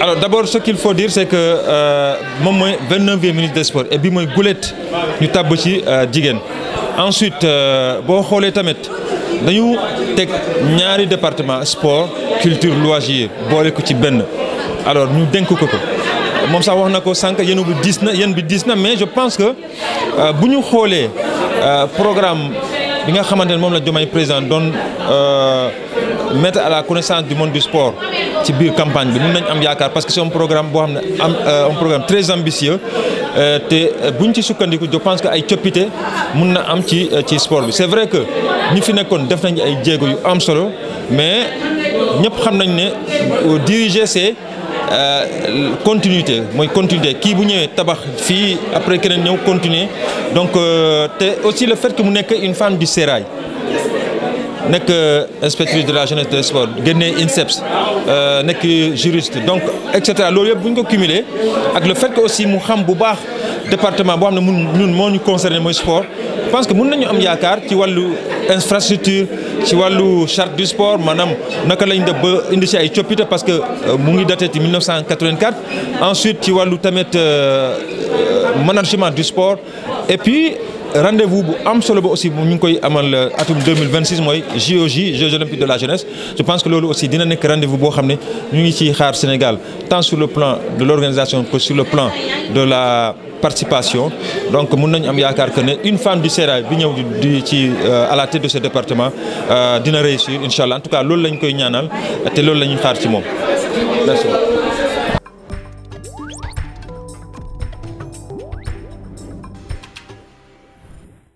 alors d'abord ce qu'il faut dire c'est que euh, moom mooy vingt-neuvième ministre des sports et bi mooy gulet ñu tàbb ci euh, jigéen ensuite euh, boo xoolee tamit dañu teg ñaari département sport culture loisir boole ko ci benn alors ñu dénk ko ko moom sax wax na ko sànq yéen bi diis na yéen bi diis na mais je pense que bu ñu xoolee programme bi nga xamante ne moom la Diomaye président doon euh, mettre à la connaissance du monde du sport ci biir campagne bi mun nañ am yaakaar parce que c'est un programme boo xam ne am euh, un programme très ambitieux euh, te buñ ci sukkandiku je pense que ay coppite mun na am ci ci sport bi c'est vrai que ñu fi nekkoon def nañu ay jéego yu am solo mais ñëpp xam nañ ne diriger c'est continuité mooy continuité kii bu ñëwee tabax fii après keneen ñëw continuer donc euh, te aussi le fait que mu nekk une femme du sérail nekk euh, inspectrice de la jeunesse de sport génnee INSEPS euh, nekk juriste donc et cetera loolu yëpp bu ñu ko cumulé ak le fait que aussi mu xam bu baax département boo xam ne mun ñun moo ñu concerné mooy sport je pense que mun nañu am yaakaar ci wàllu infrastructure ci wàllu charte du sport maanaam naka lañ def ba indi si ay coppite parce que euh, mu ngi daté ci 1984 ensuite ci wàllu tamit euh, euh, management du sport et puis rendez bu am solo ba aussi ñu ngi koy amal euh, atum 2026 mooy JOJ Jeux olympiques de la jeunesse je pense que loolu aussi dina nekk rendez-vous boo xam ne ñu ngi ciy xaar Sénégal tant sur le plan de l'organisation que sur le plan de la participation donc mun nañu am yaakaar que ne une femme du sérail bi ñëw di ci euh, à la tête de ce département euh, dina réussir incha allah en tout cas loolu lañu koy ñaanal te loolu la ñuy xaar ci moom